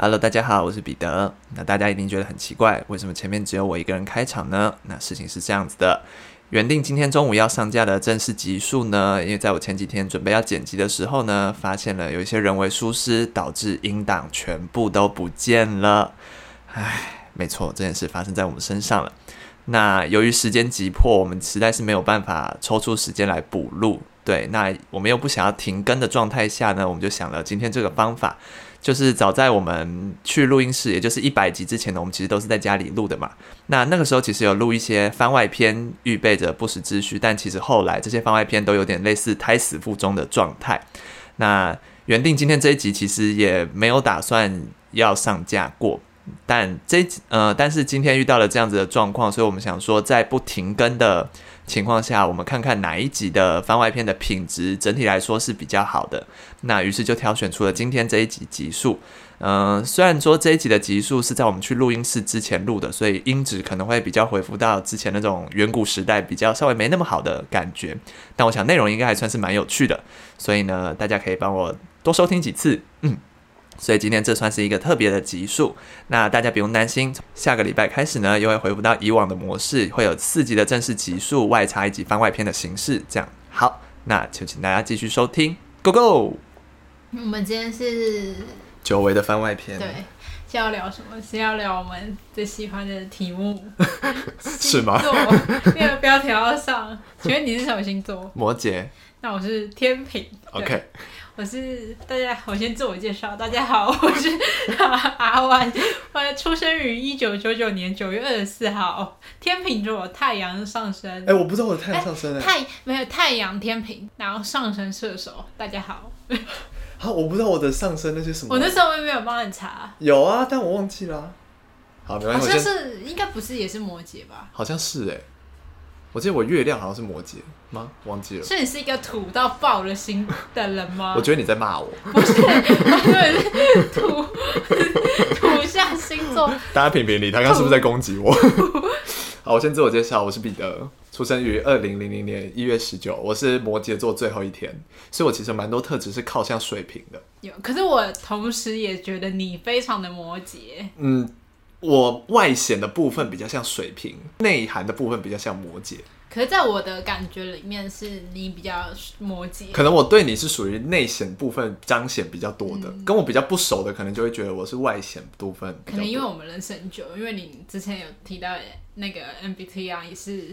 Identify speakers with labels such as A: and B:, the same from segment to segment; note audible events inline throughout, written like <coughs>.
A: Hello，大家好，我是彼得。那大家一定覺得很奇怪，為什麼前面只有我一個人開場呢？那事情是這樣子的。原定今天中午要上架的正式集數呢，因為在我前幾天準備要剪輯的時候呢，發現了有一些人為疏失，導致音檔全部都不見了。唉，沒錯，這件事發生在我們身上了。那由於時間急迫，我們實在是沒有辦法抽出時間來補錄。對，那我們又不想要停更的狀態下呢，我們就想了今天這個方法。就是早在我們去錄音室，也就是一百集之前呢，我們其實都是在家裡錄的嘛。那那個時候其實有錄一些番外篇，預備着不時之需。但其實後來這些番外篇都有點類似胎死腹中的狀態。那原定今天這一集其實也沒有打算要上架過，但這呃，但是今天遇到了這樣子的狀況，所以我們想說在不停更的。情況下，我們看看哪一集的番外篇的品質整體來說是比較好的。那於是就挑選出了今天這一集集數。嗯、呃，雖然說這一集的集數是在我們去錄音室之前錄的，所以音質可能會比較回復到之前那種遠古時代比較稍微沒那麼好的感覺。但我想內容應該還算是蠻有趣的，所以呢，大家可以幫我多收聽幾次。嗯。所以今天這算是一個特別的集數，那大家不用擔心，下個禮拜開始呢，又會回復到以往的模式，會有四集的正式集數，外加以及番外篇的形式。這樣好，那就請大家繼續收聽，Go Go。
B: 我們今天是
A: 久違的番外篇，對，
B: 先要聊什麼？先要聊我們最喜歡的題目？ <laughs> 是嗎？星座？因為標題要上， <laughs> 請問你是什麼星座？摩羯。那我是天秤。OK。我是大家，我先自我介紹。大家好，我是阿 One， <laughs> 我出生於一九九九年九月二十四號，天秤座，太陽上升。哎、欸，我不知道我的太陽上升、欸欸。太沒有太陽，天秤，然後上升射手。大家好，
A: 好，我不知道我的上升那些什麼。我那
B: 時候沒有幫你查，
A: 有啊，但我忘記了、啊。好，好像是
B: 應該不是，也是摩羯吧？
A: 好像是哎、欸。我記得我月亮好像是摩羯嗎？忘記了。所以你
B: 是一個土到爆了心的人嗎？ <laughs> 我覺
A: 得你在罵我。不
B: 是，對， <laughs> <laughs> 土土象星座。
A: 大家評評理，他剛剛是不是在攻擊我？ <laughs> 好，我先自我介紹，我是彼得，出生於二零零零年一月十九，我是摩羯座最後一天，所以我其實蠻多特質是靠向水瓶的。
B: 有，可是我同時也覺得你非常的摩羯。嗯。
A: 我外顯的部分比較像水瓶，內涵的部分比較像摩羯。
B: 可是，在我的感覺裡面，是你比較摩羯。可能我
A: 對你是屬於內顯部分彰顯比較多的。嗯，跟我比較不熟的，可能就會覺得我是外顯部分。可
B: 能因為我們認識很久，因為你之前有提到那個 MBTI、啊，也是有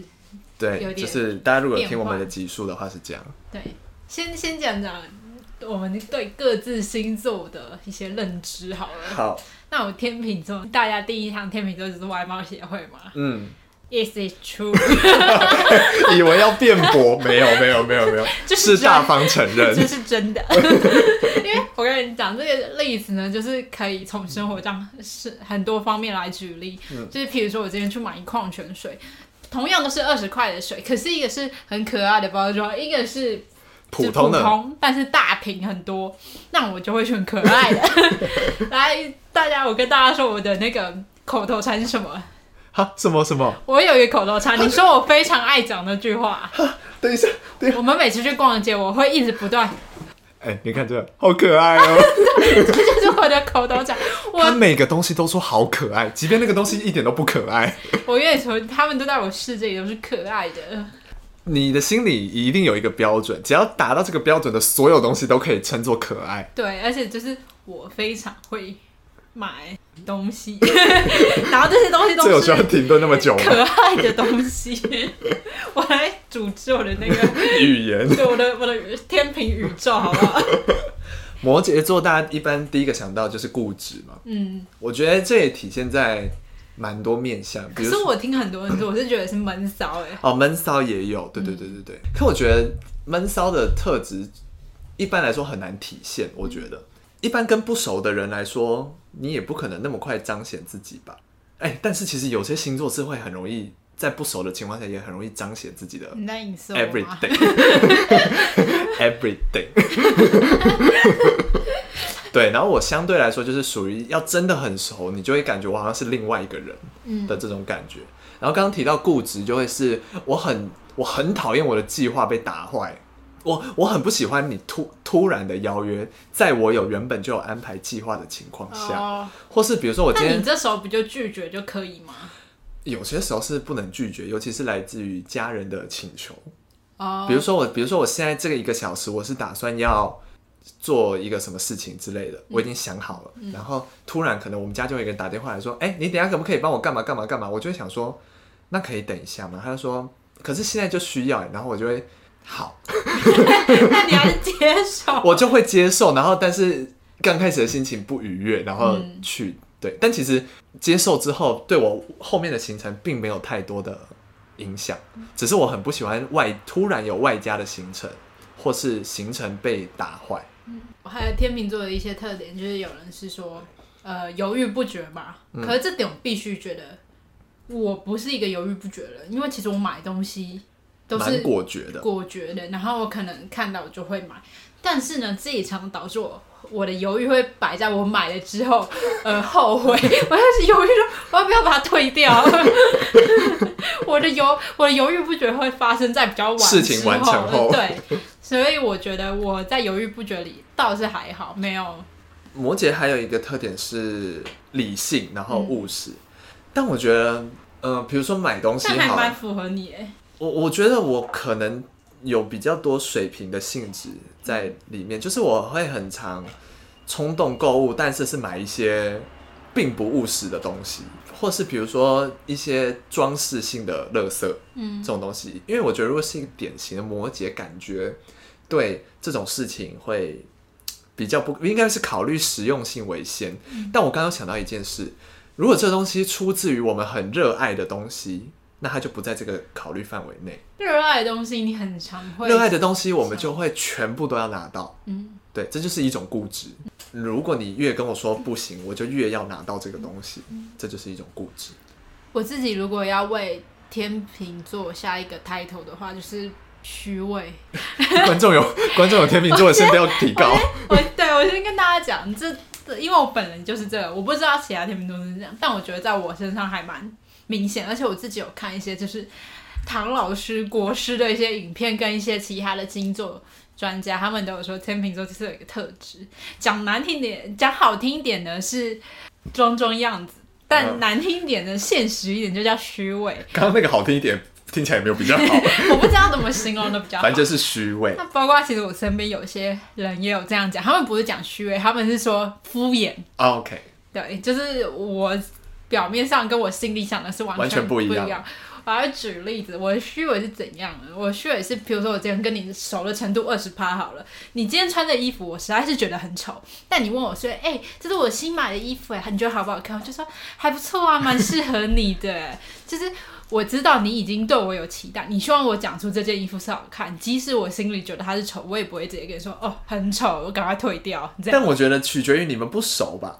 B: 點，
A: 對，就是大家如果聽我們的集數的話是這樣。
B: 對，先先講講我們對各自星座的一些認知好了。好。那我天秤座，大家第一趟天秤座只是外貌協會嘛。嗯，Is it true？
A: <laughs> <laughs> 以為要辯駁，沒有，沒有，沒有，沒有，就是，是大方承認，就是
B: 真的。 <laughs> 因為我跟你講這個例子呢，就是可以從生活上是很多方面來舉例，嗯、就是譬如說我今天去買一礦泉水，同樣都是二十塊的水，可是一個是很可愛的包裝，一個是普通的，但是大瓶很多，那我就會選可愛的 <laughs> 來。大家，我跟大家說，我的那個口頭禪是什麼？
A: 哈，什麼什麼？
B: 我有一個口頭禪，你說我非常愛講那句話。哈等，等一下，我們每次去逛街，我會一直不斷。哎、
A: 欸，你看這個、好可愛哦、喔！ <laughs> 這就
B: 是我的口頭禪。 <laughs>
A: 我每個東西都說好可愛，即便那個東西一點都不可愛。
B: <laughs> 我願意從他們都在我世界裡都是可愛的。
A: 你的心裡一定有一個標準，只要達到這個標準的所有東西都可以稱作可愛。
B: 對，而且就是我非常會。買東西， <laughs> 然後這些東西，都有需要
A: 停頓那麼久。可愛的東
B: 西， <laughs> 我還詛咒的那
A: 個語言，對我的
B: 我的天秤宇宙，好不好？
A: 摩羯座大家一般第一個想到就是固執嘛，嗯，我覺得這也體現在蠻多面向，比如說。可是我
B: 聽很多人說，我是覺得是悶騷哎。
A: 哦，悶騷也有，對對對對對。嗯、可我覺得悶騷的特質一般來說很難體現，我覺得。一般跟不熟的人來說，你也不可能那麼快彰顯自己吧？哎、欸，但是其實有些星座是會很容易在不熟的情況下，也很容易彰顯自己的 Everything，Everything <laughs> Everything <laughs> 對，然後我相對來說就是屬於要真的很熟，你就會感覺我好像是另外一個人的這種感覺。嗯、然後剛剛提到固執，就會是我很我很討厭我的計劃被打壞。我我很不喜歡你突突然的邀約，在我有原本就有安排計劃的情況下，oh. 或是比如說我今天你這
B: 時候不就拒絕就可以嗎？
A: 有些時候是不能拒絕，尤其是來自於家人的請求。Oh. 比如說我，比如說我現在這個一個小時，我是打算要做一個什麼事情之類的，嗯、我已經想好了、嗯。然後突然可能我們家就有人打電話來說：“哎、嗯欸，你等一下可不可以幫我幹嘛幹嘛幹嘛？”我就會想說：“那可以等一下嗎？”他就說：“可是現在就需要、欸。”然後我就會。好 <laughs> <laughs> 那你要接受，啊， <laughs> 我就會接受。然後，但是剛開始的心情不愉悅，然後去、嗯、對，但其實接受之後，對我後面的行程並沒有太多的影響、嗯。只是我很不喜歡外突然有外加的行程，或是行程被打壞。嗯，
B: 我還有天秤座的一些特點，就是有人是說，呃，猶豫不決嘛、嗯。可是這點我必須覺得，我不是一個猶豫不決的人，因為其實我買東西。
A: 都是果決的,的，果
B: 決的。然後我可能看到我就會買，但是呢，這一場導致我我的猶豫會擺在我買了之後，呃，後悔。我開始猶豫了，我要不要把它退掉 <laughs> <laughs> 我？我的猶我的猶豫不決會發生在比較晚之事情完成後對，所以我覺得我在猶豫不決裡倒是還好，沒有。
A: 摩羯還有一個特點是理性，然後務實。嗯，但我覺得，呃，比如說買東西，還蠻符合你誒我我覺得我可能有比較多水瓶的性質在裡面，就是我會很常衝動購物，但是是買一些並不務實的東西，或是比如說一些裝飾性的垃圾，嗯，這種東西，因為我覺得如果是一個典型的摩羯，感覺對這種事情會比較不應該是考慮實用性為先。嗯，但我剛剛想到一件事，如果這東西出自於我們很熱愛的東西。那他就不在這個考慮範圍內。
B: 熱愛的東西，你很常會。熱愛的
A: 東西，我們就會全部都要拿到。嗯，對，這就是一種固執。如果你越跟我說不行，嗯，我就越要拿到這個東西，嗯，這就是一種固執。
B: 我自己如果要為天秤座下一個 title 的話，就是虛偽。 <laughs> 觀
A: 眾有，觀眾有天秤座的 <laughs> 先不要提高。
B: 我，我 <laughs> 對，我先跟大家講，這這因為我本人就是這個，我不知道其他天秤座是這樣，但我覺得在我身上還蠻。明顯，而且我自己有看一些，就是唐老師、國師的一些影片，跟一些其他的星座專家，他們都有說天秤座其實有一個特質，講難聽點，講好聽一點的是裝裝樣子，但難聽一點的、呃，現實一點就叫虛偽。剛
A: 剛那個好聽一點， <laughs> 聽起來也沒有比較
B: 好？ <laughs> 我不知道怎麼形容的比較好，反
A: 正就是虛偽。那
B: 包括其實我身邊有些人也有這樣講，他們不是講虛偽，他們是說敷衍。啊、OK，對，就是我。表面上跟我心裡想的是完全不一樣。一樣我要舉例子，我的虛偽是怎樣的？我虛偽是，比如說我今天跟你熟的程度二十趴好了。你今天穿的衣服，我實在是覺得很醜。但你問我說：“哎、欸，這是我新買的衣服哎、欸，你覺得好不好看？”我就說：“還不錯啊，蠻適合你的。 <laughs> ”就是我知道你已經對我有期待，你希望我講出這件衣服是好看，即使我心裡覺得它是醜，我也不會直接跟你說：“哦，很醜，我趕快退掉。”但我
A: 覺得取決於你們不熟吧。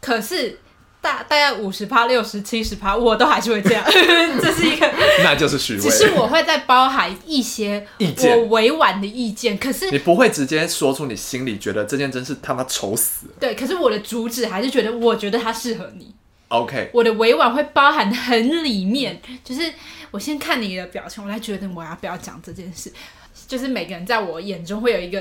B: 可是。大大概五十趴、六十、七十趴，我都還是會這樣， <laughs> 這是一個，
A: <laughs> 那就是虛偽。只是我
B: 會再包含一些我委婉的意見。意見。可是你
A: 不會直接說出你心裡覺得這件真是他媽醜死
B: 了。對，可是我的主旨還是覺得，我覺得它適合你。
A: OK，我
B: 的委婉會包含很裡面，就是我先看你的表情，我才決定我要不要講這件事。就是每個人在我眼中會有一個。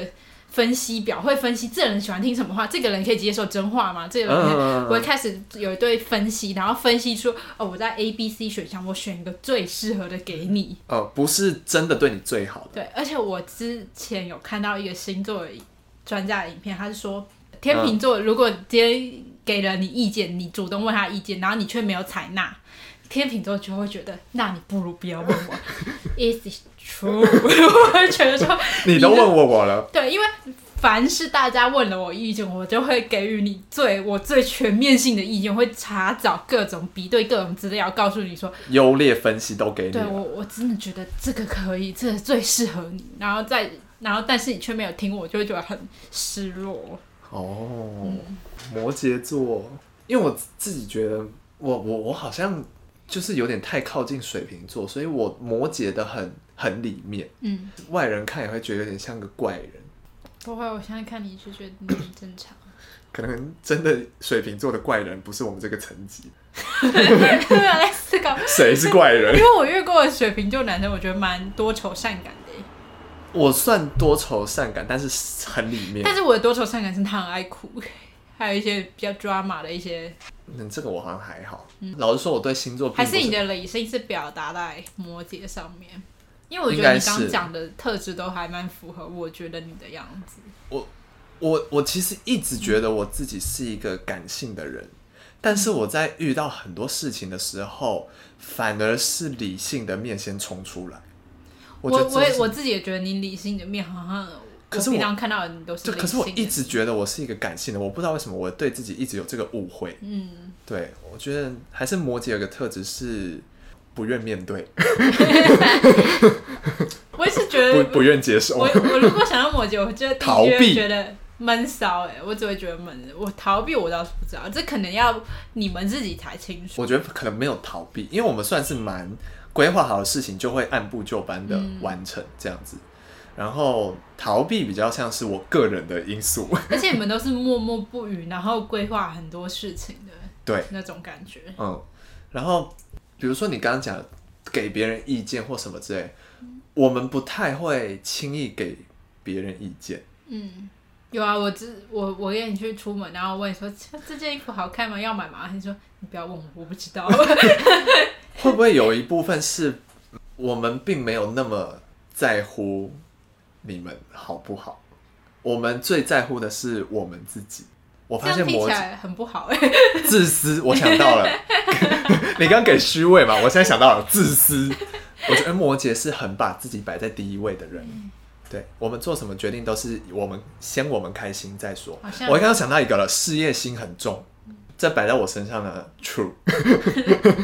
B: 分析表會分析這人喜歡聽什麼話，這個人可以接受真話嗎？這個人，uh, uh, uh. 我會開始有一堆分析，然後分析出哦，我在 A、B、C 選項，我選一個最適合的給你。
A: 呃，uh, 不是真的對你最好的。
B: 對，而且我之前有看到一個星座專家的影片，他是說天秤座如果今天給了你意見，uh. 你主動問他意見，然後你卻沒有採納，天秤座就會覺得那你不如不要問我。 <laughs> 出， <laughs> 我覺得說 <laughs> 你都問過我了，對，因為凡是大家問了我意見，我就會給予你最我最全面性的意見，我會查找，各種比對各種資料，告訴你說
A: 優劣分析都給你。對，
B: 我我真的覺得這個可以，這個、最適合你。然後再然後，但是你卻沒有聽，我就會覺得很失落。哦、oh,
A: 嗯，摩羯座，因為我自己覺得我我我好像就是有點太靠近水瓶座，所以我摩羯的很。很裡面，嗯，外人看也會覺得有點像個怪人。
B: 不會，我現在看你是覺得你很正常。
A: 可能真的水瓶座的怪人不是我們這個層級。誰 <laughs> <laughs> <laughs> 是怪人。因為
B: 我遇過的水瓶座男生，我覺得蠻多愁善感的。
A: 我算多愁善感，但是很裡面。但
B: 是我的多愁善感是他很愛哭，還有一些比較抓 r 的一些。
A: 嗯，這個我好像還好。嗯、老實說，我對星座是還是你的
B: 理性是表達在摩羯上面。因為我覺得你剛剛講的特質都還蠻符合，我覺得你的樣子。
A: 我我我其實一直覺得我自己是一個感性的人，嗯，但是我在遇到很多事情的時候，反而是理性的面先衝出來。我我我，也我自
B: 己也覺得你理性的面好像，可是我平常看到的你都是理性的。可是我一
A: 直覺得我是一個感性的，我不知道為什麼我對自己一直有這個誤會。嗯，對，我覺得還是摩羯有個特質是。不願面對 <laughs> <laughs> <laughs> 我也是覺得 <laughs> 不願接受 <laughs> 我。我我如果想要摩羯，我就逃避，覺得
B: 悶騷，哎，我只會覺得悶。我逃避，我倒是不知道，這可能要你們自己才清
A: 楚。我覺得可能沒有逃避，因為我們算是蠻規劃好的事情，就會按部就班的完成這樣子，嗯。然後逃避比較像是我個人的因素，
B: 而且你們都是默默不語，然後規劃很多事情的，對那種感覺。嗯，
A: 然後。比如說你剛剛講給別人意見或什麼之類，我們不太會輕易給別人意見。
B: 嗯，有啊，我知我我跟你去出門，然後問你說，這件衣服好看嗎？要買嗎？你說你不要問我，我不知道。
A: <laughs> <laughs> 會不會有一部分是我們並沒有那麼在乎你們好不好？我們最在乎的是我們自己。我發現摩羯
B: 很不好哎，、
A: 欸，自私，我想到了。 <laughs> <laughs> 你剛剛給虛偽嘛，我現在想到了自私。我覺得摩羯是很把自己擺在第一位的人。嗯、對，我們做什麼決定都是我們先我們開心再說。我剛剛想到一個了，事業心很重。這擺在我身上的、嗯、true <laughs>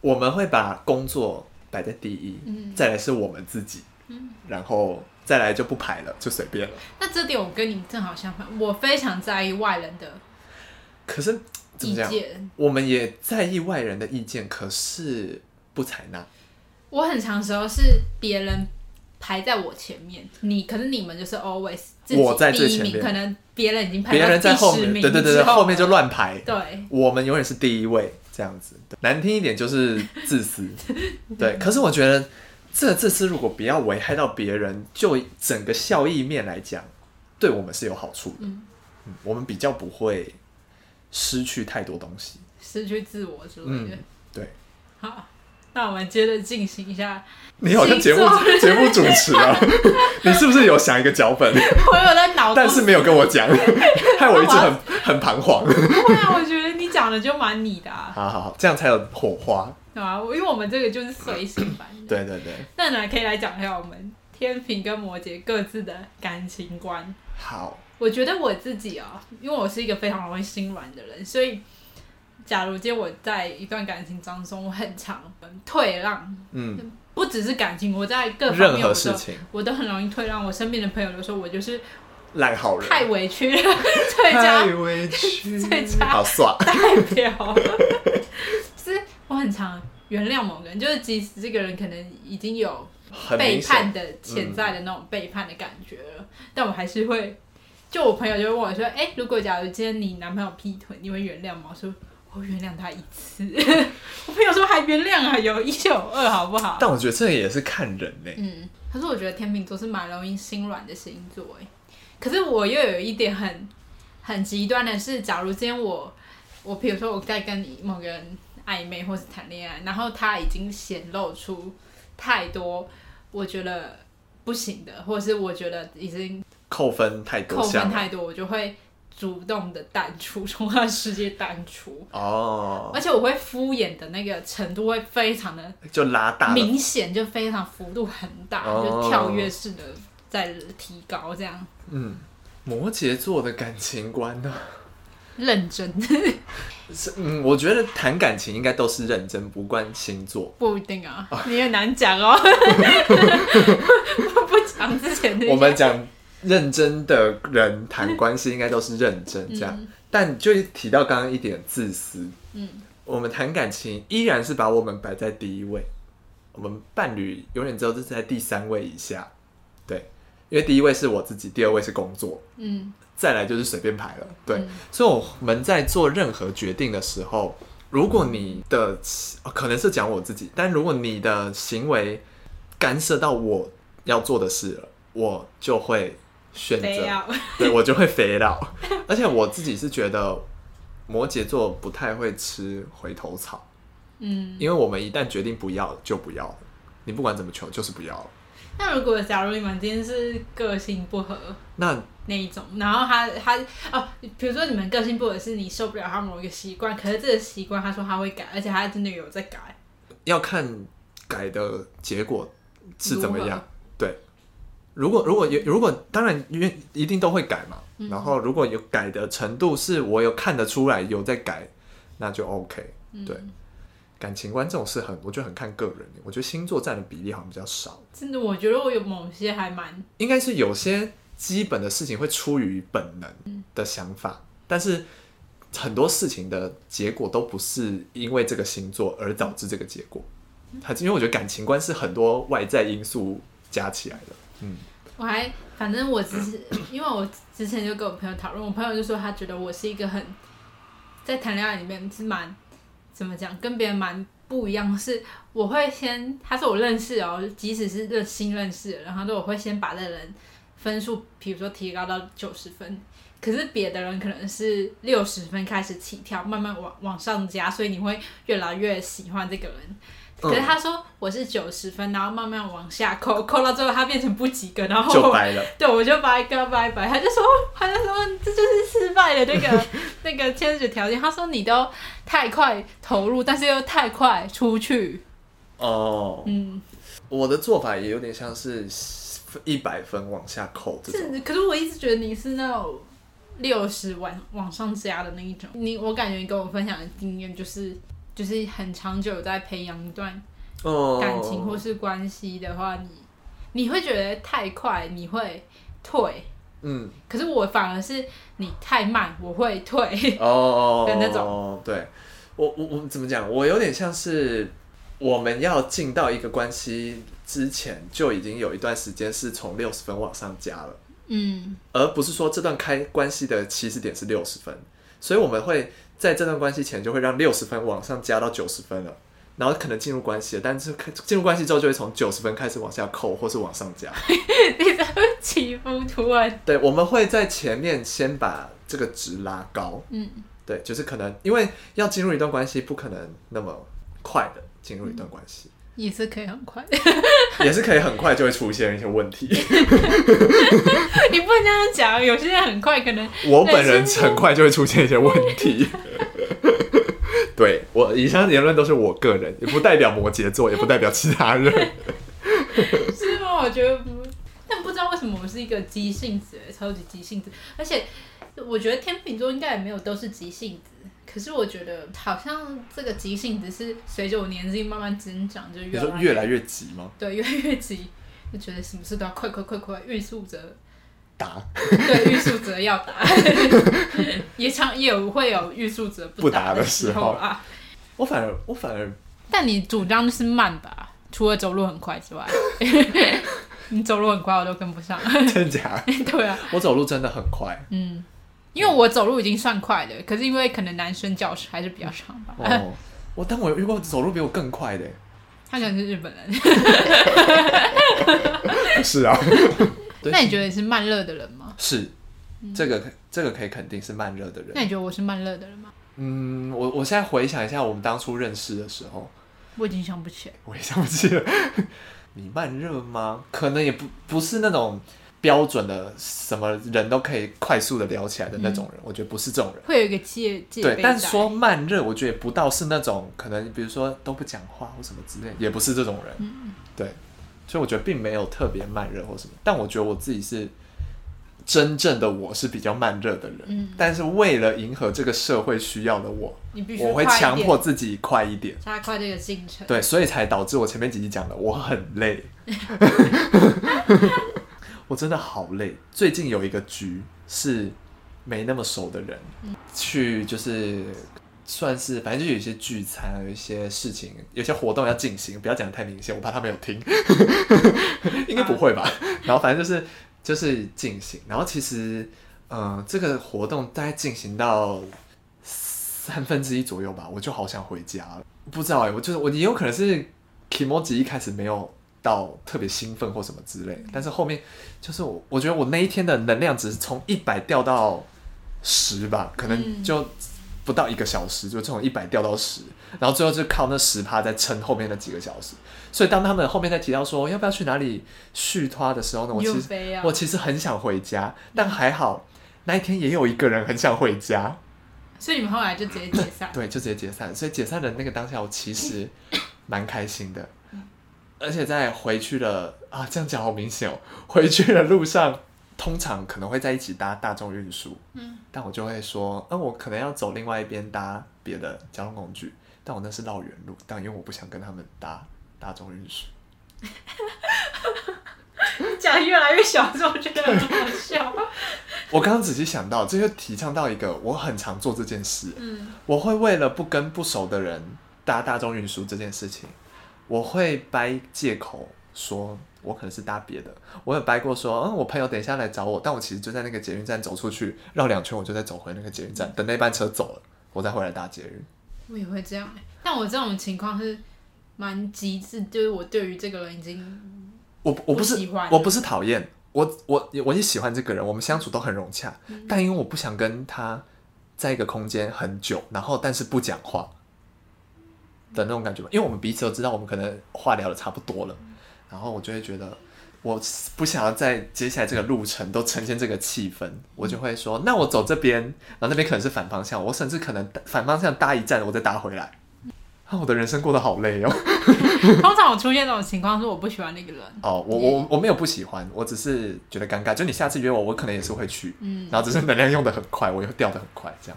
A: 我們會把工作擺在第一、嗯，再來是我們自己，嗯、然後。再來就不排了，就隨便了。
B: 那這點我跟你們正好相反，我非常在意外人的，
A: 可是怎麼這樣意見我們也在意外人的意見，可是不採納。
B: 我很常時候是別人排在我前面，你可能你們就是 always 我在最前面，可能別人已經排到第十名，別人在後面，第十名後。對，對對對，後
A: 面就亂排。對，我們永遠是第一位，這樣子難聽一點就是自私。 <laughs> 對，對，可是我覺得。這這次如果不要危害到別人，就整個效益面來講，對我們是有好處的。嗯，嗯，我們比較不會失去太多東西，
B: 失去自我
A: 是不是？嗯，對。好。
B: 那我們接着進行一下。你好像節目節目主持啊，
A: <laughs> <laughs> 你是不是有想一個腳本？我有在腦， <laughs> 但是沒有跟我講， <laughs> 害我一直很 <laughs> 很彷徨。對
B: 啊，我覺得你講的就蠻你的、
A: 啊。好好好，這樣才有火花。
B: 對啊，我因為我們這個就是隨性版
A: <coughs> 對對對。
B: 那來可以來講一下我們天平跟摩羯各自的感情觀。好，我覺得我自己哦，因為我是一個非常容易心軟的人，所以。假如今天我在一段感情當中，我很常退讓，
A: 嗯，
B: 不只是感情，我在各方面事情我都我都很容易退讓。我身邊的朋友都說我就是太
A: 委屈了，太
B: 委屈了，好最差委了，
A: 太爽，代
B: 表。就 <laughs> 是我很常原諒某個人，就是即使這個人可能已經有背叛的潛在的那種背叛的感覺了、嗯，但我還是會。就我朋友就會問我說：“哎、欸，如果假如今天你男朋友劈腿，你會原諒嗎？”我說。我原諒他一次，
A: <laughs> 我朋友說，還原諒啊，有一就有二，好不好？但我覺得這也是看人嘞、欸。嗯，
B: 他說，我覺得天秤座是蠻容易心軟的星座，哎，可是我又有一點很很極端的是，假如今天我我比如說我在跟某個人曖昧或是談戀愛，然後他已經顯露出太多我覺得不行的，或者是我覺得已經
A: 扣分太多，扣分太
B: 多，我就會。主動的淡出，從他的世界淡出
A: 哦，oh. 而且
B: 我會敷衍的那個程度會非常的
A: 就拉大，明
B: 顯就非常幅度很大，就，大就跳躍式的在提高這樣。
A: Oh. 嗯，摩羯座的感情觀呢、啊？
B: 認真是
A: 嗯，我覺得談感情應該都是認真，不關星座，
B: 不一定啊、喔，oh. 你也難講哦、喔。 <laughs> <laughs> <laughs> 我不講之前的，我們
A: 講。認真的人談關係應該都是認真這樣，嗯、但就是提到剛剛一點自私，嗯，我們談感情依然是把我們擺在第一位，我們伴侶永遠只有在第三位以下，對，因為第一位是我自己，第二位是工作，嗯，再來就是隨便排了，對、嗯，所以我們在做任何決定的時候，如果你的、嗯哦、可能是講我自己，但如果你的行為干涉到我要做的事了，我就會。選擇 <laughs> 對，我就會肥到， <laughs> 而且我自己是覺得摩羯座不太會吃回頭草。嗯，因為我們一旦決定不要了就不要了，你不管怎麼求就是不要
B: 了。那如果假如你們今天是個性不合，那那一種，然後他他哦，比如說你們個性不合是你受不了他某一個習慣，可是這個習慣他說他會改，而且他真的有在改，
A: 要看改的結果是怎麼樣，對。如果如果有如果當然，因為一定都會改嘛、嗯，然後如果有改的程度是我有看得出來有在改，那就 OK、嗯。對，感情觀這種是很我覺得很看個人，我覺得星座占的比例好像比較少。
B: 真的，我覺得我有某些還蠻
A: 應該是有些基本的事情會出於本能的想法、嗯，但是很多事情的結果都不是因為這個星座而導致這個結果。他、嗯，因為我覺得感情觀是很多外在因素加起來的。
B: 我還反正我只是，因為我之前就跟我朋友討論，我朋友就說他覺得我是一個很在談戀愛裡面是蠻怎麼講，跟別人蠻不一樣，是我會先他說我認識哦，即使是新認識的人，然後說我會先把這人分數，比如說提高到九十分，可是別的人可能是六十分開始起跳，慢慢往往上加，所以你會越來越喜歡這個人。可是他說我是九十分，然後慢慢往下扣，嗯、扣到最後他變成不及格，然後就掰了。對，我就掰掰掰掰，他就說，他就說這就是失敗的那個 <laughs> 那個先決條件。他說你都太快投入，但是又太快出去。
A: 哦，嗯，我的做法也有點像是一百分往下扣這種。
B: 是，可是我一直覺得你是那種六十往往上加的那一種。你我感覺你跟我分享的經驗就是。就是很長久在培養一段感情或是關係的話你，你、oh. 你會覺得太快，你會退。
A: 嗯，
B: 可是我反而是你太慢，我會退。
A: 哦哦哦。的那種。Oh. Oh. Oh. 對，我我我怎麼講？我有點像是我們要進到一個關係之前，就已經有一段時間是從六十分往上加了。嗯，而不是說這段開關係的起始點是六十分，所以我們會。在這段關係前就會讓六十分往上加到九十分了，然後可能進入關係了，但是進入關係之後就會從九十分開始往下扣，或是往上加， <laughs> 你
B: 才會起伏突然。
A: 對，我們會在前面先把這個值拉高，嗯，對，就是可能因為要進入一段關係，不可能那麼快的進入一段關係。嗯嗯
B: 也是可以很快，
A: <laughs> 也是可以很快就會出現一些問題。
B: <laughs> <laughs> 你不能這樣講，有些人很快可能，我本人很快
A: 就會出現一些問題。 <laughs> 對我以上的言論都是我個人，也不代表摩羯座，也不代表其他人。
B: <laughs> 是嗎？我覺得不，但不知道為什麼我是一個急性子，超級急性子，而且我覺得天秤座應該也沒有都是急性子。可是我覺得，好像這個急性只是隨着我年紀慢慢增長，就越來越，越來越急嗎？對，越來越急，就覺得什麼事都要快快快快，欲速則達。對，欲速則要達， <laughs> <laughs> 也常也有會有欲速則不達的時候，的時候
A: 啊。我反而我反而，
B: 但你主張是慢吧、啊？除了走路很快之外， <laughs> 你走路很快我都跟不上，
A: 真假？ <laughs> 對啊，我走路真的很快，嗯。
B: 因為我走路已經算快了，嗯，可是因為可能男生腳還是比較長吧。哦，
A: <laughs> 我但我如果走路比我更快的，
B: 他可能是日本人。
A: <laughs> <laughs> 是啊，那你覺
B: 得你是慢熱的人嗎？
A: 是，嗯，這個這個可以肯定是慢熱的人。那你
B: 覺得我是慢熱的
A: 人嗎？嗯，我我現在回想一下我們當初認識的時候，
B: 我已經想不起來，我也想不起來。
A: <laughs> 你慢熱嗎？可能也不不是那種。標準的什麼人都可以快速的聊起來的那種人，嗯、我覺得不是這種人，
B: 會有一個界限，對，但說
A: 慢熱，我覺得不到是那種可能，比如說都不講話或什麼之類的、嗯，也不是這種人。對，所以我覺得並沒有特別慢熱或什麼。但我覺得我自己是真正的我是比較慢熱的人、嗯，但是為了迎合這個社會需要的我，我會強迫自己快一點，加
B: 快這個進程。對，
A: 所以才導致我前面幾集講的我很累。 <laughs> <laughs> 我真的好累。最近有一個局是沒那麼熟的人去，就是算是反正就有一些聚餐，有一些事情，有些活動要進行。不要講的太明顯，我怕他沒有聽， <laughs> 應該不會吧？然後反正就是就是進行。然後其實，嗯、呃，這個活動大概進行到三分之一左右吧，我就好想回家了。不知道哎、欸，我就是我，也有可能是 kimochi 一開始沒有到特別興奮或什麼之類、嗯，但是後面就是我，我覺得我那一天的能量只是從一百掉到十吧，可能就不到一個小時，嗯、就從一百掉到十，然後最後就靠那十趴在撐後面那幾個小時。所以當他們後面再提到說要不要去哪裡續攤的時候呢，我其實、啊、我其實很想回家，但還好那一天也有一個人很想回家，
B: 所以你們後來就直接解散， <coughs>
A: 對，就直接解散。所以解散的那個當下，我其實蠻開心的。 <coughs> 而且在回去的啊，這樣講好明顯哦。回去的路上，通常可能會在一起搭大眾運輸。但我就會說，嗯、呃，我可能要走另外一邊搭別的交通工具。但我那是繞遠路，但因為我不想跟他們搭大眾運輸。
B: <laughs> 你講越來越小候，我覺得很好笑。
A: <laughs> 我剛剛仔細想到，這就提倡到一個，我很常做這件事、嗯。我會為了不跟不熟的人搭大眾運輸這件事情。我會掰借口說，我可能是搭別的。我也掰過說，嗯，我朋友等一下來找我，但我其實就在那個捷運站走出去繞兩圈，我就再走回那個捷運站，等那班車走了，我再回來搭捷運。
B: 我也會這樣、欸，但我這種情況是蠻極致，就是我對於這個人已經，
A: 我我不是喜歡，我不是討厭，我我我也喜歡這個人，我們相處都很融洽，嗯、但因為我不想跟他在一個空間很久，然後但是不講話。的那種感覺，因為我們彼此都知道，我們可能話聊的差不多了，嗯，然後我就會覺得，我不想要在接下來這個路程都呈現這個氣氛，嗯，我就會說，那我走這邊，然後那邊可能是反方向，我甚至可能反方向搭一站，我再搭回來。啊、嗯哦，我的人生過得好累哦。 <laughs> 通
B: 常我出現這種情況是我不喜歡那個人。
A: 哦，我、嗯、我我沒有不喜歡，我只是覺得尷尬。就你下次約我，我可能也是會去。嗯。然後只是能量用的很快，我又掉的很快，這樣。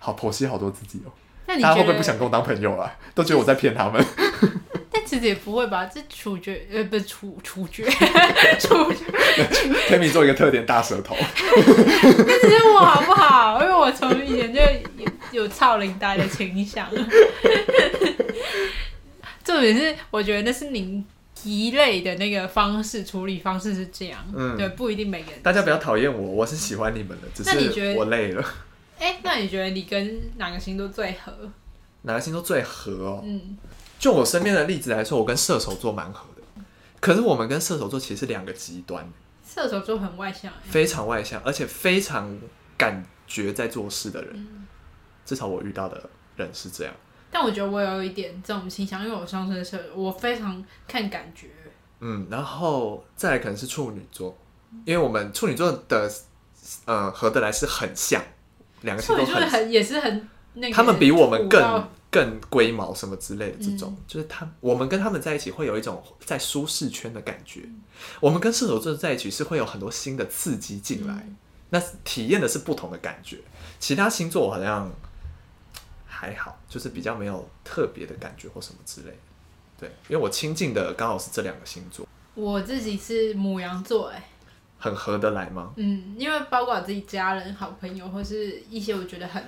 A: 好，剖析好多自己哦。大家會不會不想跟我當朋友了、啊？都覺得我在騙他們。
B: <laughs> 但其實也不會吧，這處決呃不是處處決處
A: 決。Kimi <laughs> <laughs> 做一個特點，大舌頭。那
B: 只是我好不好？因為我從以前就有有臭乳呆的傾向。 <laughs> 重點是，我覺得那是您一類的那個方式處理方式是這樣、嗯。對，不一定每個人。
A: 大家不要討厭我，我是喜歡你們的，只是我累了。
B: 哎、欸，那你覺得你跟哪個星座最合？
A: 哪個星座最合、哦？嗯，就我身邊的例子來說，我跟射手座蠻合的。可是我們跟射手座其實是兩個極端。
B: 射手座很外向，非
A: 常外向，而且非常感覺在做事的人、嗯。至少我遇到的人是這樣。
B: 但我覺得我有一點這種傾向，因為我上升射手，我非常看感覺。
A: 嗯，然後再來可能是處女座，因為我們處女座的呃合得來是很像。兩個星座，就是很
B: 也是很那個。他們比我們更
A: 更龜毛什麼之類的，這種、嗯、就是他。我們跟他們在一起會有一種在舒適圈的感覺。嗯、我們跟射手座在一起是會有很多新的刺激進來、嗯，那體驗的是不同的感覺。其他星座我好像還好，就是比較沒有特別的感覺或什麼之類。對，因為我親近的剛好是這兩個星座。
B: 我自己是牡羊座，哎。
A: 很合得來嗎？嗯，
B: 因為包括我自己家人、好朋友，或是一些我覺得很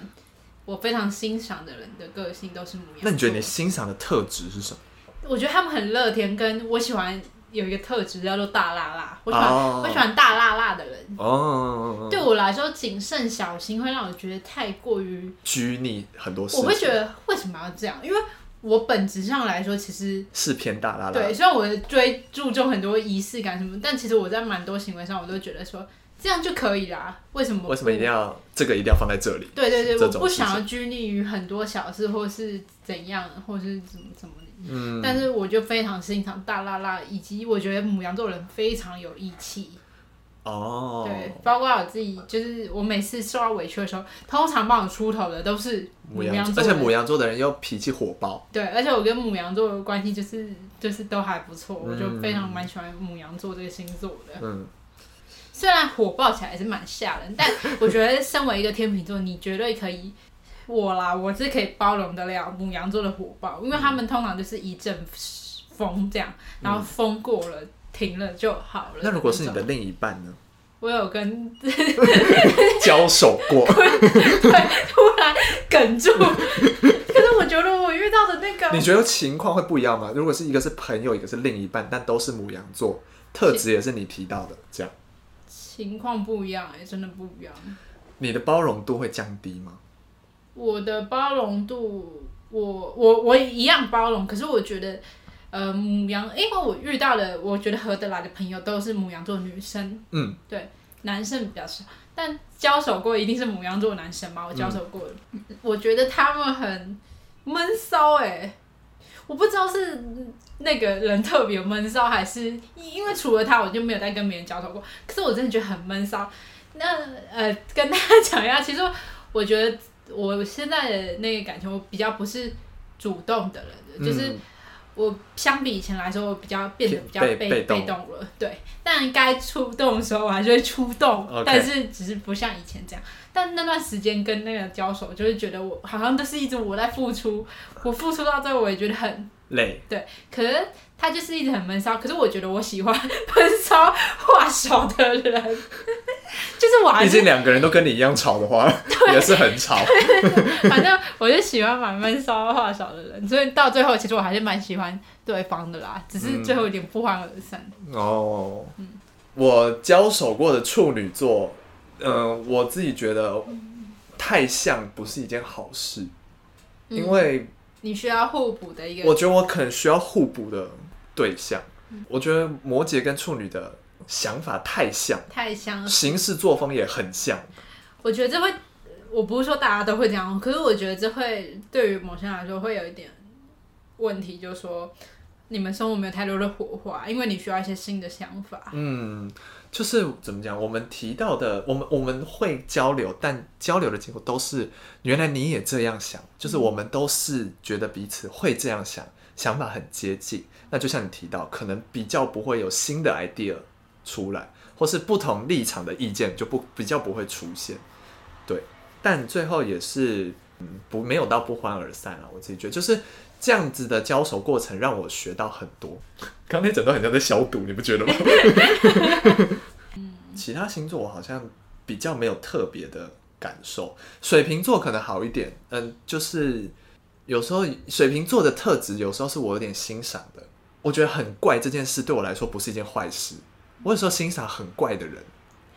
B: 我非常欣賞的人的個性都是模樣。那
A: 你覺得你欣賞的特質是什麼？
B: 我覺得他們很樂天，跟我喜歡有一個特質叫做大辣辣。我喜歡，oh. 我喜歡大辣辣的人。
A: 哦，oh，對我
B: 來說謹慎小心會讓我覺得太過於
A: 拘泥很多事。我會覺
B: 得為什麼要這樣？因為。我本質上來說，其實
A: 是偏大剌剌。對，雖
B: 然我追注重很多儀式感什麼，但其實我在蠻多行為上，我都覺得說這樣就可以啦。為什麼？為什麼一
A: 定要這個一定要放在這裡？對對對，我不想要
B: 拘泥於很多小事或是怎樣，或是怎麼怎麼。嗯。
A: 但是我
B: 就非常欣賞大剌剌，以及我覺得牡羊座人非常有義氣。哦、oh.，對，包括我自己，就是我每次受到委屈的時候，通常幫我出頭的都是牡羊座，而且牡羊
A: 座的人又脾氣火爆。
B: 對，而且我跟牡羊座的關係就是就是都還不錯，嗯，我就非常蠻喜歡牡羊座這個星座的。
A: 嗯，
B: 雖然火爆起來也是蠻嚇人，但我覺得身為一個天秤座， <laughs> 你絕對可以，我啦，我是可以包容得了牡羊座的火爆，因為他們通常就是一陣風這樣，然後風過了。嗯停了就好了。那如
A: 果是你的另一半呢？
B: 我有跟
A: 交手過 <laughs> 對，突然哽住。
B: <laughs> 可是我覺得我遇到的那個，你覺得
A: 情況會不一樣嗎？如果是一個是朋友，一個是另一半，但都是牡羊座，特質也是你提到的，這樣
B: 情況不一樣哎、欸，真的不一樣。
A: 你的包容度會降低嗎？
B: 我的包容度，我我我一樣包容，可是我覺得。呃，牡羊，因為我遇到的，我覺得合得來的朋友都是牡羊座女生，嗯，對，男生比較少，但交手過一定是牡羊座男生嘛，我交手過的，嗯、我覺得他們很悶騷哎，我不知道是那個人特別悶騷，還是因為除了他，我就沒有再跟別人交手過，可是我真的覺得很悶騷。那呃，跟大家講一下，其實我覺得我現在的那個感情，我比較不是主動的人，嗯、就是。我相比以前來說，我比較變得比較被被動，被動了，對。但該出動的時候，我還是會出動，Okay. 但是只是不像以前這樣。但那段時間跟那個交手，就是覺得我好像都是一直我在付出，我付出到最後，我也覺得很。對，可是他就是一直很悶騷。可是我覺得我喜歡悶騷話少的人，就是我還。畢竟
A: 兩個人都跟你一樣吵的話， <laughs> 也是很吵。 <laughs> 反
B: 正我就喜歡蠻悶騷話少的人，所以到最後其實我還是蠻喜歡對方的啦，只是最後有點不歡而散。嗯、
A: 哦，我交手過的處女座，嗯、呃，我自己覺得太像不是一件好事，
B: 因為。嗯你需要互補的一個，我覺得
A: 我可能需要互補的對象，嗯。我覺得摩羯跟處女的想法太像，
B: 太像了，行
A: 事作風也很像。
B: 我覺得這會，我不是說大家都會這樣，可是我覺得這會對於某些人來說會有一點問題，就是說。你們生活沒有太多的火花，因為你需要一些新的想法。
A: 嗯，就是怎麼講？我們提到的，我們我們會交流，但交流的結果都是原來你也這樣想，就是我們都是覺得彼此會這樣想，想法很接近。那就像你提到，可能比較不會有新的 idea 出來，或是不同立場的意見就不比較不會出現。對，但最後也是，嗯，不沒有到不歡而散了啊。我自己覺得就是。這樣子的交手過程讓我學到很多。剛那整段好像在消毒，你不覺得嗎？ <laughs> 其他星座我好像比較沒有特別的感受。水瓶座可能好一點，嗯，就是有時候水瓶座的特質有時候是我有點欣賞的。我覺得很怪這件事對我來說不是一件壞事。我有時候欣賞很怪的人，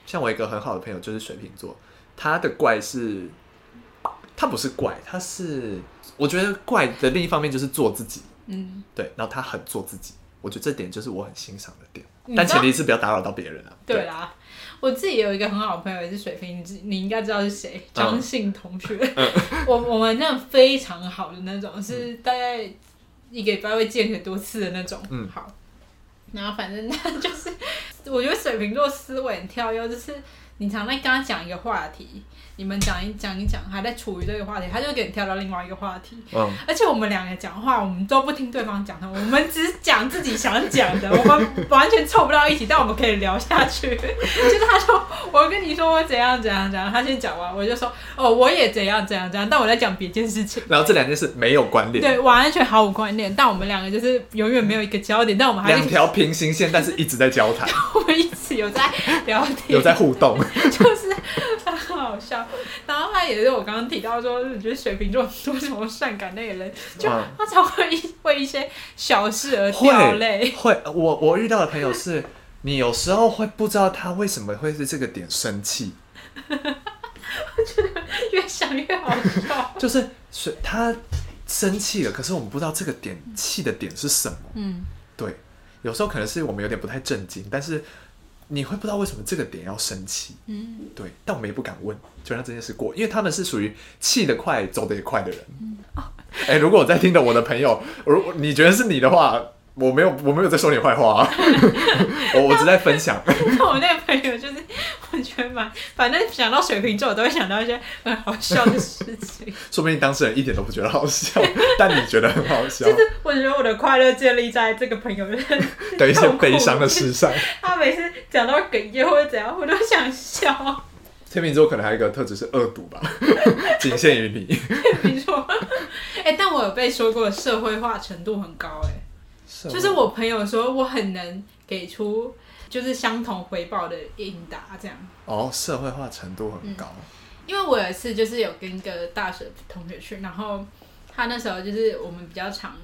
A: 像我一個很好的朋友就是水瓶座，他的怪是他不是怪，他是。我覺得怪的另一方面就是做自己，嗯，對，然後他很做自己，我覺得這點就是我很欣賞的點，但前提是不要打擾到別人啊。對，對啦，
B: 我自己有一個很好的朋友也是水瓶，你你應該知道是誰，張信同學，嗯、我我們那種非常好的那種，嗯、是大概一個禮拜會見很多次的那種，嗯，好，然後反正他就是，我覺得水瓶座思維很跳躍，就是你常在跟他講一個話題。你們講一講一講，還在處於這個話題，他就給你跳到另外一個話題。Oh. 而且我們兩個講話，我們都不聽對方講的，我們只講自己想講的， <laughs> 我們完全湊不到一起，但我們可以聊下去。 <laughs> 就是他說，我跟你說我怎樣怎樣怎樣，他先講完，我就說哦，我也怎樣怎樣怎樣，但我在講別件事情。然
A: 後這兩件事沒有關聯。對，
B: 完全毫無關聯。但我們兩個就是永遠沒有一個焦點，但我們還是。兩
A: 條平行線，但是一直在交談。 <laughs> 我們
B: 一直有在聊天。 <laughs> 有在互動。就是。很好笑，然後他也是我剛剛提到說，你覺得水瓶座多愁善感那個人，啊、就他才會因為一,一些小事而掉淚。會，
A: 會我我遇到的朋友是， <laughs> 你有時候會不知道他為什麼會是這個點生氣。
B: <laughs> 越想越好笑。
A: <laughs> 就是水，他生氣了，可是我們不知道這個點氣的點是什麼？嗯，對，有時候可能是我們有點不太震驚，但是。你會不知道為什麼這個點要生氣，嗯，對，但我們也不敢問，就讓這件事過，因為他們是屬於氣得快，走得也快的人。嗯，哎、哦欸，如果我在聽的我的朋友，如果你覺得是你的話，我沒有，我沒有在說你壞話啊。 <laughs> <laughs> 我，我我只在分享。 <laughs>
B: 覺得蠻，反正想到水瓶座，我都會想到一些很好笑的事情。
A: <laughs> 說不定當事人一點都不覺得好笑， <laughs> 但你覺得很好笑。就
B: 是我覺得我的快樂建立在這個朋友的 <laughs> 一些悲傷的事上。 <laughs> 他每次講到哽咽或者怎樣，我都想笑。
A: 天秤座可能還有一個特質是惡毒吧，僅 <laughs> 限於你。天
B: 秤座，哎、欸，但我有被說過社會化程度很高、欸，
A: 哎，就是我
B: 朋友說我很能給出。就是相同回報的應答，這樣
A: 哦，社會化程度很高、嗯。
B: 因為我有一次就是有跟一個大學同學去，然後他那時候就是我們比較常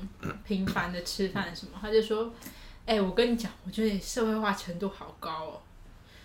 B: 頻繁的吃飯什麼， <coughs> 他就說：“哎、欸，我跟你講，我覺得你社會化程度好高哦，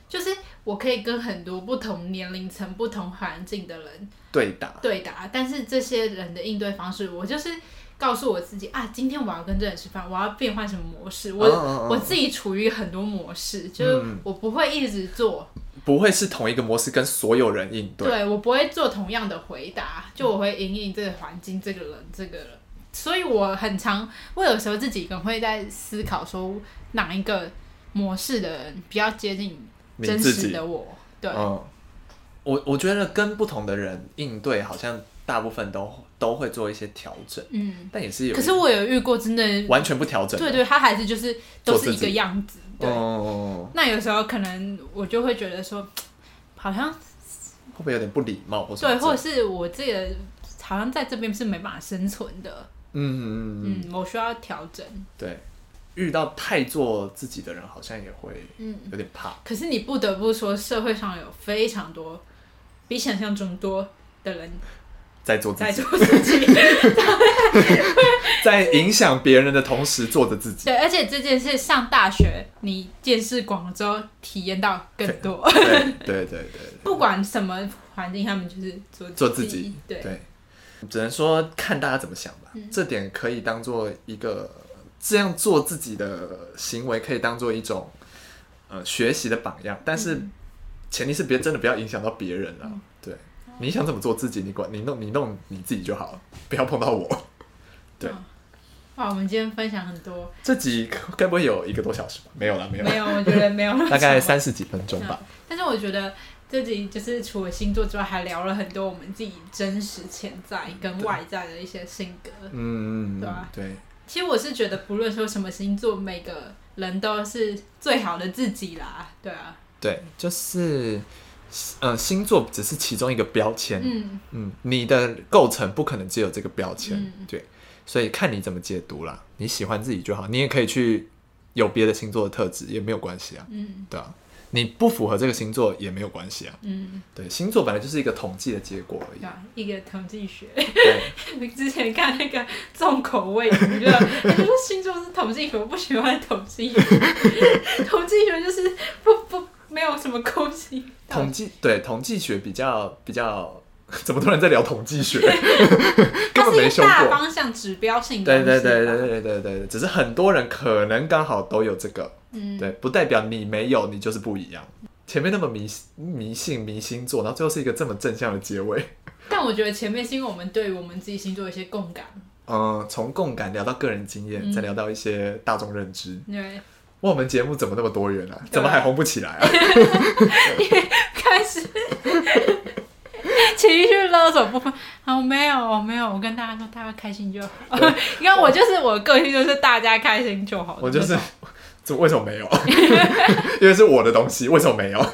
B: 就是我可以跟很多不同年齡層、不同環境的人對答對答，但是這些人的應對方式，我就是。”告訴我自己啊，今天我要跟這人吃飯，我要變換什麼模式？哦、我我自己處於很多模式，嗯、就是我不會一直做，
A: 不會是同一個模式跟所有人應對。對，
B: 我不會做同樣的回答，就我會因應這個環境、嗯、這個人、這個人。所以我很常，我有時候自己可能會在思考說，哪一個模式的人比較接近
A: 真實的我？對，嗯、我我覺得跟不同的人應對，好像大部分都。都會做一些調整，
B: 嗯，但也是有。可是我有遇過，真的完
A: 全不調整，對，對
B: 對，他還是就是都是一個樣子。
A: 對，
B: 哦，那有時候可能我就會覺得說，好像
A: 會不會有點不禮貌？或是對，或者是
B: 我自己的好像在這邊是沒辦法生存的。嗯
A: 嗯嗯，嗯，嗯，我
B: 需要調整。
A: 對，遇到太做自己的人，好像也會嗯有點怕，嗯。
B: 可是你不得不說，社會上有非常多比想象中多的人。在做在做
A: 自己， <laughs> 在影響別人的同時做着自己。 <laughs>
B: 對，而且這件事上大學，你見識廣州，體驗到更多 okay, 對。
A: 對對對，對。
B: 不管什麼環境，他們就是做自做自己。對，
A: 對只能說看大家怎麼想吧。嗯、這點可以當做一個這樣做自己的行為，可以當做一種、呃、學習的榜樣。但是前提是別真的不要影響到別人啊！嗯、對。你想怎麼做自己你，你管你弄你弄你自己就好，不要碰到我。 <laughs> 對，
B: 哇，我們今天分享很多。
A: 這集該不會有一個多小時吧？沒有了，沒有，沒有，我覺得沒有， <laughs> 大概三十幾分鐘吧。
B: <laughs> 但是我覺得這集就是除了星座之外，還聊了很多我們自己真實潛在跟外在的一些性格。嗯嗯，對
A: 吧？對。
B: 其實我是覺得，不論說什麼星座，每個人都是最好的自己啦。對啊。
A: 對，就是。嗯、呃，星座只是其中一個標籤，嗯嗯，你的構成不可能只有這個標籤，嗯，對，所以看你怎麼解讀啦。你喜歡自己就好，你也可以去有別的星座的特質也沒有關係啊，嗯，對啊，你不符合這個星座也沒有關係啊，嗯對，星座本來就是一個統計的結果而已，
B: 啊、一個統計學。 <laughs> 你之前看那個重口味，你覺得、 <laughs> 欸就是、星座是統計學，我不喜歡統計， <laughs> 統計學就是不不。沒有什麼
A: 統計，統計對統計學比較比較，怎麼突然在聊統計學？什 <laughs> 麼 <laughs> 它是大方
B: 向指標性的，對，對對
A: 對對對對對，只是很多人可能剛好都有這個，嗯，對，不代表你沒有，你就是不一樣。前面那麼迷信迷信迷星座，然後最後是一個這麼正向的結尾。
B: 但我覺得前面是因為我們對我們自己星座有一些共感，
A: 嗯，從共感聊到個人經驗，嗯、再聊到一些大眾認知，對。我們節目怎麼那麼多元啊？怎麼還紅不起來啊？因
B: 為開始情緒勒索部分 <laughs> 好，沒有沒有，我跟大家說，大家開心就好。 <laughs> 因為我就是我，我個性，就是大家開心就好。我就是，
A: 怎麼為什麼沒有？ <laughs> 因為是我的東西，為什麼沒有？
B: <laughs>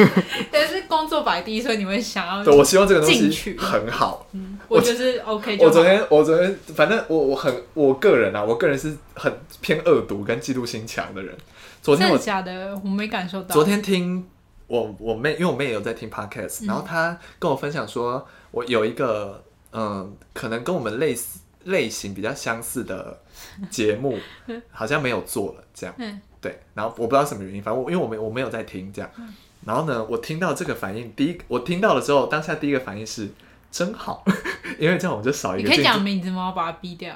B: <laughs> 但是工作擺第一，所以你們想要，對，我希望這個東西很好。嗯我，我就是 OK 就好。我昨天，
A: 我昨天，反正我我很我個人啊，我個人是很偏惡毒跟嫉妒心強的人。真的假
B: 的？我沒感受到。昨天
A: 聽我我妹，因為我妹也有在聽 Podcast，、嗯、然後她跟我分享說，我有一個嗯，可能跟我們類似類型比較相似的節目， <laughs> 好像沒有做了。這樣、嗯，對。然後我不知道什麼原因，反正我因為我沒我沒有在聽，這樣。然後呢，我聽到這個反應，第一我聽到了之後，當下第一個反應是。真好，因為這樣我們就少一個競爭。你可
B: 以講名字嗎？我把它逼掉，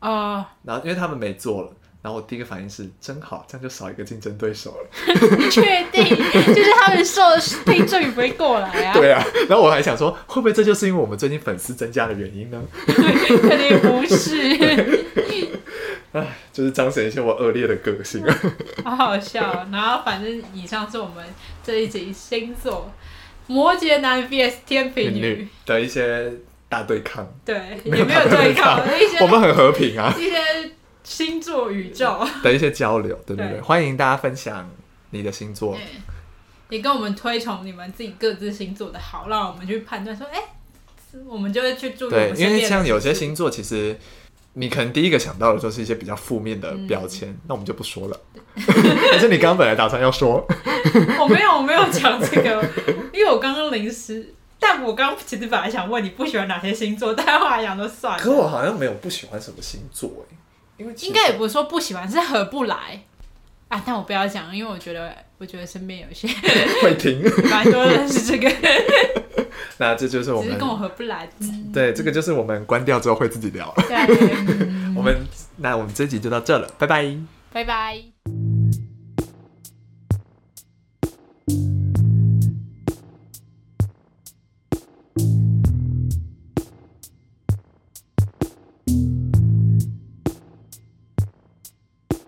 B: 啊、uh。然
A: 後因為他們沒做了，然後我第一個反應是真好，這樣就少一個競爭對手了。你
B: 確 <laughs> <laughs> 定，就是他們受得罪不會過來啊。對啊，
A: 然後我還想說，會不會這就是因為我們最近粉絲增加的原因呢？
B: 肯 <laughs> <laughs> 定不是。
A: 哎， <laughs> 就是彰顯一些我惡劣的個性。 <laughs> 好，
B: 好笑，然後反正以上是我們這一集星座摩羯男 vs 天秤女，女
A: 的一些大對抗，
B: 對，沒有對也沒有對抗， <laughs> 一些我們很和平啊， <laughs> 一些星座宇宙對 <laughs> 的一
A: 些交流，對不對，對，歡迎大家分享你的星座，
B: 也跟我們推崇你們自己各自星座的好，讓我們去判斷說，哎、欸，我們就會去注意，因為像有
A: 些星座其實。你可能第一個想到的就是一些比較負面的標籤，嗯，那我們就不說了。 <laughs> 還是你剛剛本來打算要說，
B: <laughs> 我沒有，我沒有講這個，
A: 因
B: 為我剛剛臨時，但我剛其實本來想問你不喜歡哪些星座，但後來想就算了。可我
A: 好像沒有不喜歡什麼星座，
B: 應該也不是說不喜歡，是合不來。啊，但我不要講，因為我覺得，我覺得身邊有一些 <laughs> 會聽停，蠻 <laughs> 多人是這個。 <laughs> <laughs> <laughs>
A: 那這就是我們，只是跟我合不來，嗯。對，這個就是我們關掉之後會自己聊。 <laughs> 對，對，對， <laughs> <laughs> 我們那我們這一集就到這了，拜拜，
B: 拜拜。